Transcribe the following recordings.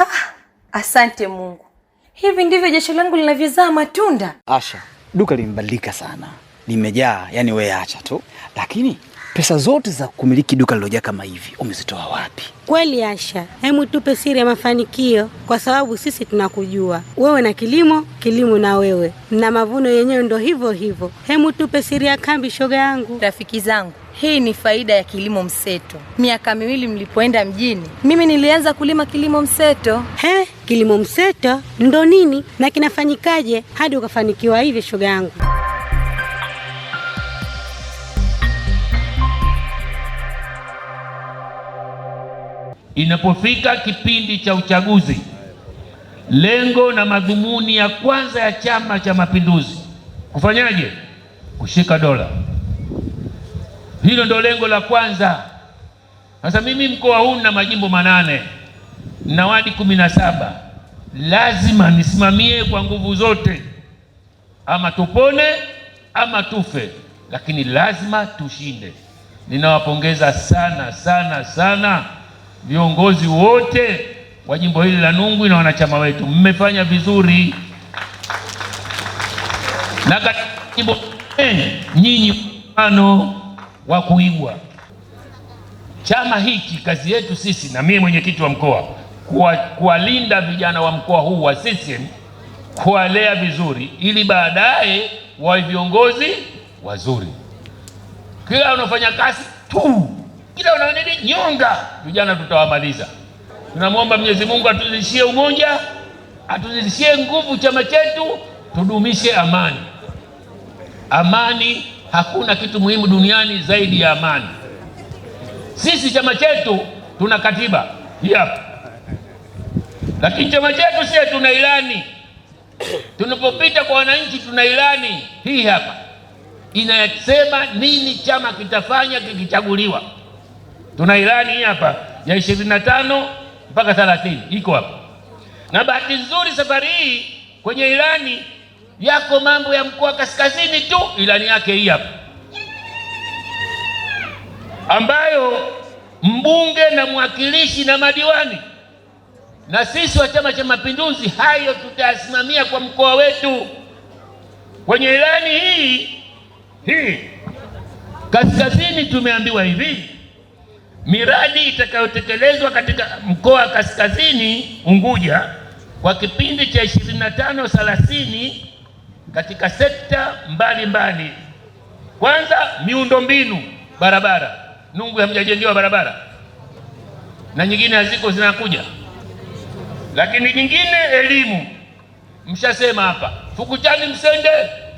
asante Mungu, hivi ndivyo jasho langu linavyozaa matunda. Asha, duka limebadilika sana, limejaa. Yani wewe acha tu, lakini pesa zote za kumiliki duka lilojaa kama hivi umezitoa wapi? Kweli Asha, hemu tupe siri ya mafanikio, kwa sababu sisi tunakujua wewe na kilimo, kilimo na wewe na mavuno yenyewe ndo hivyo hivyo. Hemu tupe siri ya kambi, shoga yangu. Rafiki zangu hii ni faida ya kilimo mseto. Miaka miwili mlipoenda mjini, mimi nilianza kulima kilimo mseto. He, kilimo mseto ndo nini na kinafanyikaje hadi ukafanikiwa hivi, shoga yangu? Inapofika kipindi cha uchaguzi, lengo na madhumuni ya kwanza ya Chama cha Mapinduzi kufanyaje? Kushika dola hilo ndo lengo la kwanza. Sasa mimi mkoa huu na majimbo manane na wadi kumi na saba, lazima nisimamie kwa nguvu zote, ama tupone ama tufe, lakini lazima tushinde. Ninawapongeza sana sana sana viongozi wote wa jimbo hili la Nungwi na wanachama wetu, mmefanya vizuri na jimbo eh, nyinyi mfano wa kuigwa. Chama hiki kazi yetu sisi, na mimi mwenyekiti wa mkoa, kuwalinda vijana wa mkoa huu wa CCM, kuwalea vizuri, ili baadaye wawe viongozi wazuri. Kila unaofanya kazi tu, kila unaonene nyonga, vijana tutawamaliza. Tunamwomba Mwenyezi Mungu atuzidishie umoja, atuzidishie nguvu chama chetu, tudumishe amani, amani hakuna kitu muhimu duniani zaidi ya amani. Sisi chama chetu tuna katiba hii hapa, lakini chama chetu sie tuna ilani. Tunapopita kwa wananchi, tuna ilani hii hapa inasema nini chama kitafanya kikichaguliwa. Tuna ilani hii hapa ya ishirini na tano mpaka thelathini iko hapa, na bahati nzuri safari hii kwenye ilani yako mambo ya mkoa wa kaskazini tu, ilani yake hii hapa, ambayo mbunge na mwakilishi na madiwani na sisi wa Chama cha Mapinduzi hayo tutayasimamia kwa mkoa wetu kwenye ilani hii hii. Kaskazini tumeambiwa hivi, miradi itakayotekelezwa katika mkoa wa kaskazini Unguja kwa kipindi cha 25 30 katika sekta mbalimbali. Kwanza, miundombinu, barabara. Nungu hamjajengewa barabara na nyingine haziko zinakuja, lakini nyingine elimu, mshasema hapa Fukuchani msende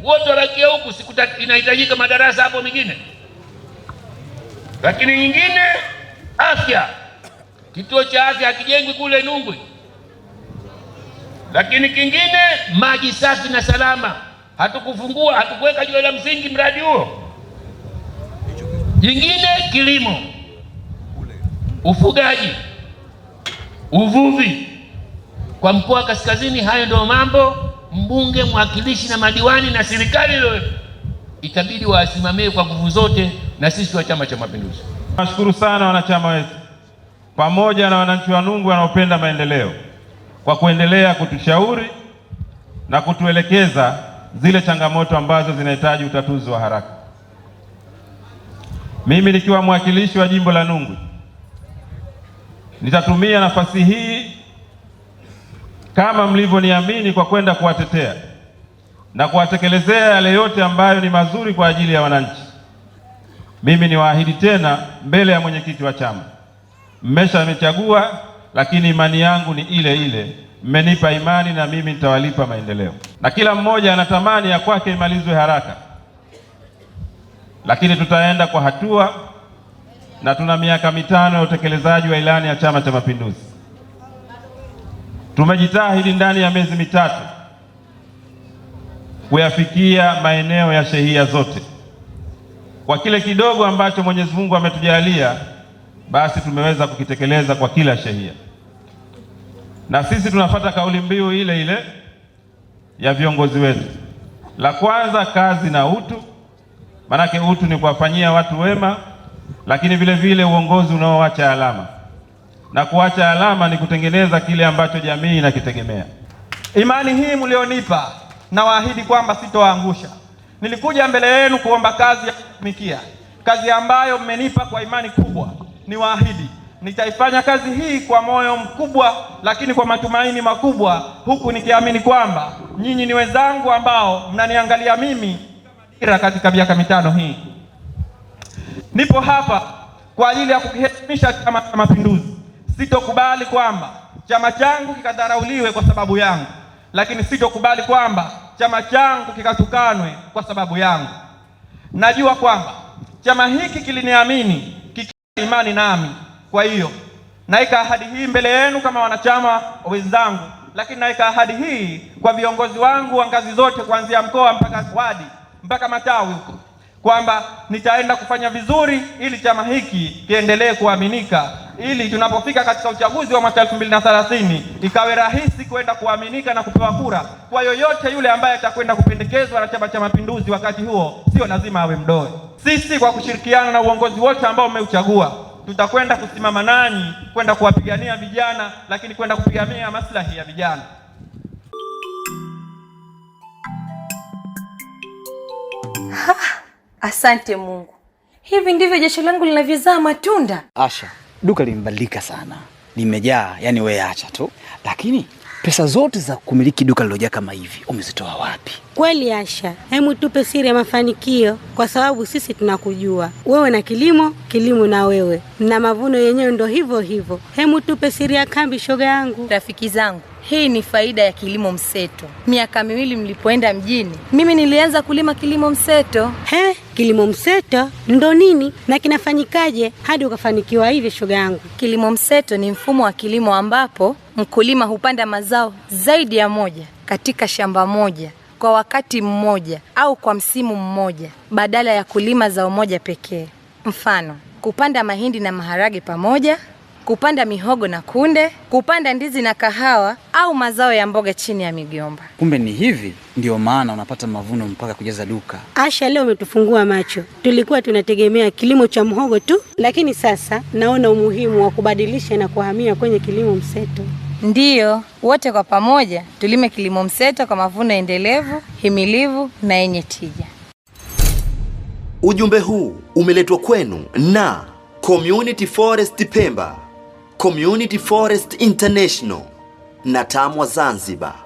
wote walakia huku sikuta, inahitajika madarasa hapo mengine. Lakini nyingine afya, kituo cha afya hakijengwi kule Nungwi. Lakini kingine maji safi na salama, hatukufungua hatukuweka jiwe la msingi mradi huo. Jingine kilimo, ufugaji, uvuvi kwa mkoa wa Kaskazini. Hayo ndio mambo mbunge, mwakilishi na madiwani na serikali ile itabidi wasimamie kwa nguvu zote, na sisi wa Chama cha Mapinduzi nashukuru sana wanachama wetu pamoja na wananchi wa Nungu wanaopenda maendeleo kwa kuendelea kutushauri na kutuelekeza zile changamoto ambazo zinahitaji utatuzi wa haraka. Mimi nikiwa mwakilishi wa jimbo la Nungwi nitatumia nafasi hii kama mlivyoniamini kwa kwenda kuwatetea na kuwatekelezea yale yote ambayo ni mazuri kwa ajili ya wananchi. Mimi niwaahidi tena mbele ya mwenyekiti wa chama, mmeshanichagua lakini imani yangu ni ile ile, mmenipa imani na mimi nitawalipa maendeleo. Na kila mmoja anatamani ya kwake imalizwe haraka, lakini tutaenda kwa hatua, na tuna miaka mitano ya utekelezaji wa ilani ya Chama cha Mapinduzi. Tumejitahidi ndani ya miezi mitatu kuyafikia maeneo ya shehia zote kwa kile kidogo ambacho Mwenyezi Mungu ametujalia basi tumeweza kukitekeleza kwa kila shehia, na sisi tunafata kauli mbiu ile ile ya viongozi wetu, la kwanza kazi na utu. Maanake utu ni kuwafanyia watu wema, lakini vile vile uongozi unaoacha alama, na kuacha alama ni kutengeneza kile ambacho jamii inakitegemea. Imani hii mlionipa, nawaahidi kwamba sitoangusha Nilikuja mbele yenu kuomba kazi ya kutumikia, kazi ambayo mmenipa kwa imani kubwa niwaahidi nitaifanya kazi hii kwa moyo mkubwa, lakini kwa matumaini makubwa, huku nikiamini kwamba nyinyi ni wenzangu ambao mnaniangalia mimi dira katika miaka mitano hii. Nipo hapa kwa ajili ya kukiheshimisha Chama cha Mapinduzi. Sitokubali kwamba chama changu kikadharauliwe kwa sababu yangu, lakini sitokubali kwamba chama changu kikatukanwe kwa sababu yangu. Najua kwamba chama hiki kiliniamini imani nami. Kwa hiyo naweka ahadi hii mbele yenu kama wanachama wenzangu, lakini naweka ahadi hii kwa viongozi wangu wa ngazi zote, kuanzia mkoa mpaka wadi mpaka matawi huko, kwamba nitaenda kufanya vizuri ili chama hiki kiendelee kuaminika, ili tunapofika katika uchaguzi wa mwaka elfu mbili na thelathini ikawe rahisi kwenda kuaminika na kupewa kura kwa yoyote yule ambaye atakwenda kupendekezwa na Chama cha Mapinduzi. Wakati huo sio lazima awe Mdoe. Sisi kwa kushirikiana na uongozi wote ambao umeuchagua tutakwenda kusimama nanyi kwenda kuwapigania vijana, lakini kwenda kupigania maslahi ya vijana. Ha, ah, asante Mungu, hivi ndivyo jasho langu linavyozaa matunda. Asha, duka limebadilika sana, limejaa. Yani wewe acha tu, lakini pesa zote za kumiliki duka lilojaa kama hivi umezitoa wapi? Kweli Asha, hemu tupe siri ya mafanikio, kwa sababu sisi tunakujua wewe na kilimo, kilimo na wewe na mavuno yenyewe ndo hivyo hivyo. hemu tupe siri ya kambi, shoga yangu. Rafiki zangu hii ni faida ya kilimo mseto. Miaka miwili mlipoenda mjini, mimi nilianza kulima kilimo mseto. He, kilimo mseto ndo nini na kinafanyikaje hadi ukafanikiwa hivi, shoga yangu? Kilimo mseto ni mfumo wa kilimo ambapo mkulima hupanda mazao zaidi ya moja katika shamba moja kwa wakati mmoja au kwa msimu mmoja badala ya kulima zao moja pekee. Mfano, kupanda mahindi na maharage pamoja, kupanda mihogo na kunde, kupanda ndizi na kahawa au mazao ya mboga chini ya migomba. Kumbe ni hivi ndio maana unapata mavuno mpaka kujaza duka. Asha, leo umetufungua macho. Tulikuwa tunategemea kilimo cha mhogo tu, lakini sasa naona umuhimu wa kubadilisha na kuhamia kwenye kilimo mseto. Ndiyo, wote kwa pamoja tulime kilimo mseto kwa mavuno endelevu, himilivu na yenye tija. Ujumbe huu umeletwa kwenu na Community Forest Pemba. Community Forest International na TAMWA Zanzibar.